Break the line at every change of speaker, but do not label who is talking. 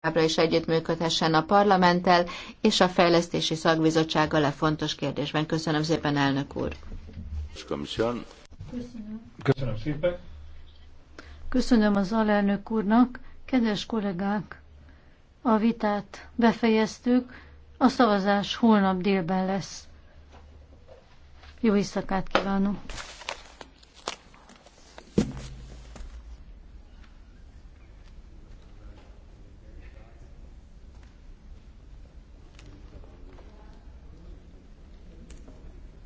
továbbra is együttműködhessen a parlamenttel és a fejlesztési szakbizottsággal a e fontos kérdésben. Köszönöm szépen, elnök úr!
Köszönöm. Köszönöm szépen!
Köszönöm az alelnök úrnak, kedves kollégák! A vitát befejeztük, a szavazás holnap délben lesz. Jó éjszakát kívánok!